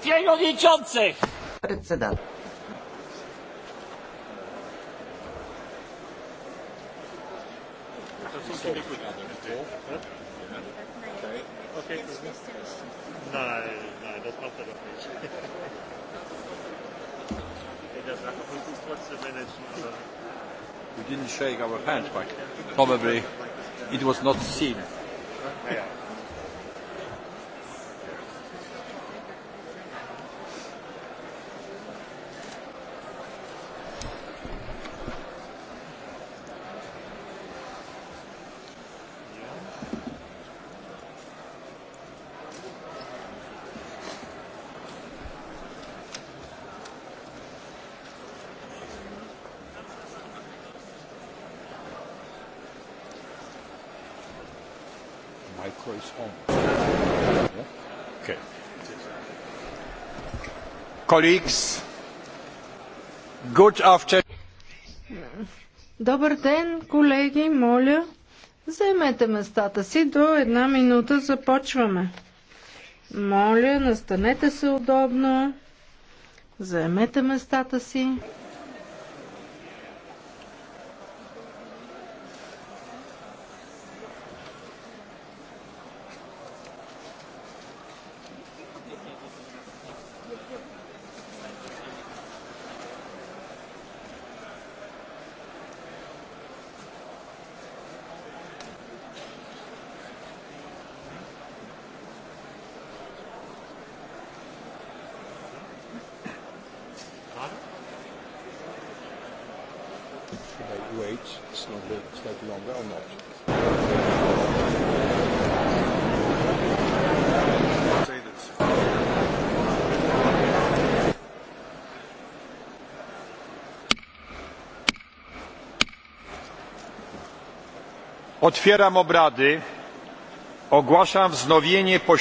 przewodniczących! Председател. We didn't shake our hands, but probably it was not seen. Yeah. micro is on. Okay. Colleagues, good afternoon. Добър ден, колеги, моля, заемете местата си до една минута, започваме. Моля, настанете се удобно, заемете местата си. should I wait slightly, slightly longer or not? Otwieram obrady. Ogłaszam wznowienie posiedzenia.